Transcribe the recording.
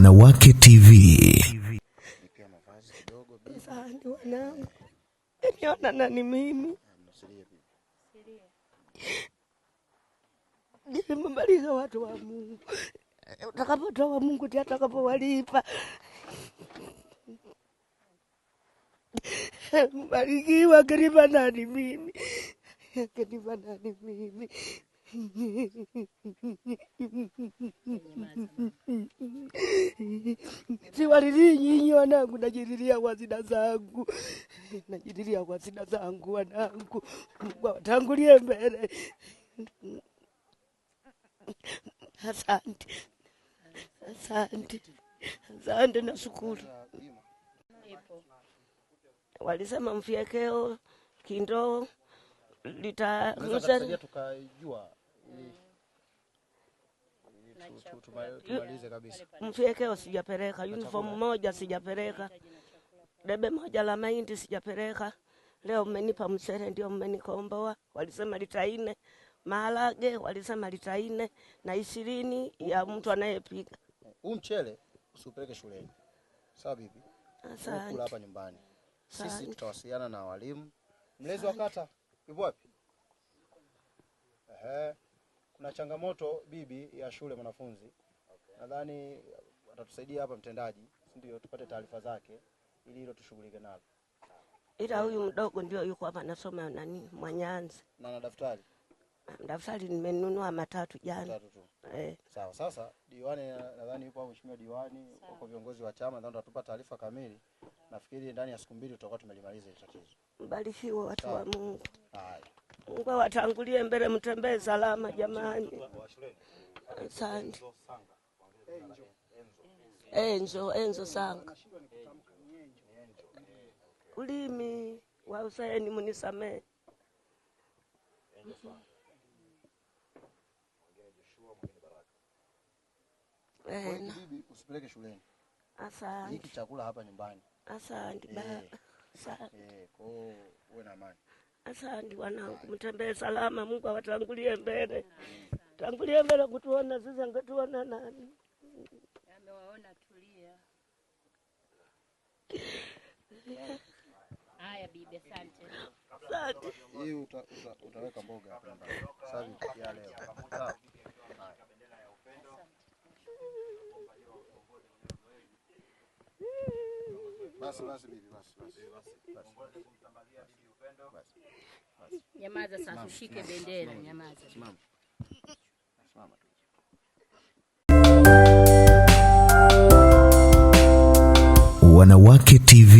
Wanawake TV. Niona nani mimi? Nimemaliza watu wa Mungu, utakapotoa wa Mungu ndiye atakapowalipa. Mbarikiwa akinipa nani mimi? Akinipa nani mimi? Siwalilii nyinyi wanangu, najililia kwa zina zangu, najililia kwa zina zangu wanangu, Mungu awatangulie mbele. Asante, asante, asante na shukuru. Walisema mfiekeo kindoo litanusa tukajua tumalize kabisa. Mfyekeo sijapeleka, uniform moja sijapeleka, debe moja la mahindi sijapeleka. Leo mmenipa mchele, ndio mmenikomboa. Walisema lita nne maharage, walisema lita nne na ishirini ya um- mtu anayepika huu mchele. Usipeleke shuleni, sawa bibi? Kula hapa nyumbani, sisi tutawasiliana na walimu. Mlezi wa kata yupo wapi? Ehe na changamoto bibi ya shule mwanafunzi okay. Nadhani atatusaidia hapa mtendaji, ndio? Tupate taarifa zake ili hilo tushughulike nalo, ila huyu mdogo ndio yuko hapa anasoma nani Mwanyanzi na na daftari daftari nimenunua matatu jana eh. Sawa. Sasa diwani, nadhani yupo mheshimiwa diwani, kwa viongozi wa chama, nadhani tutatupa taarifa kamili. Nafikiri ndani ya siku mbili tutakuwa tumelimaliza hili tatizo. Mbarikiwe watu wa Mungu. Haya. Mungu watangulie mbele, mtembee salama jamani. Asante Enzo, Enzo Sanga, ulimi wa Usaini munisamee. Usipeleke shuleni. Asante. Hiki chakula hapa nyumbani. Asante baba. Eh. Asante. Eh, kwa uwe na amani. Asante wanangu, mtembee salama. Mungu awatangulie mbele, tangulie mbele kutuona sisi, angetuona nani? Amewaona, tulia. Haya bibi, asante. Asante. Hii utaweka mboga hapa ndani. Nyamaza sasa, ushike bendera, nyamaza. Simama. Simama Wanawake TV.